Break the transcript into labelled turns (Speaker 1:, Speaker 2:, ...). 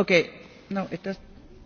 Speaker 1: Okay, no, it does.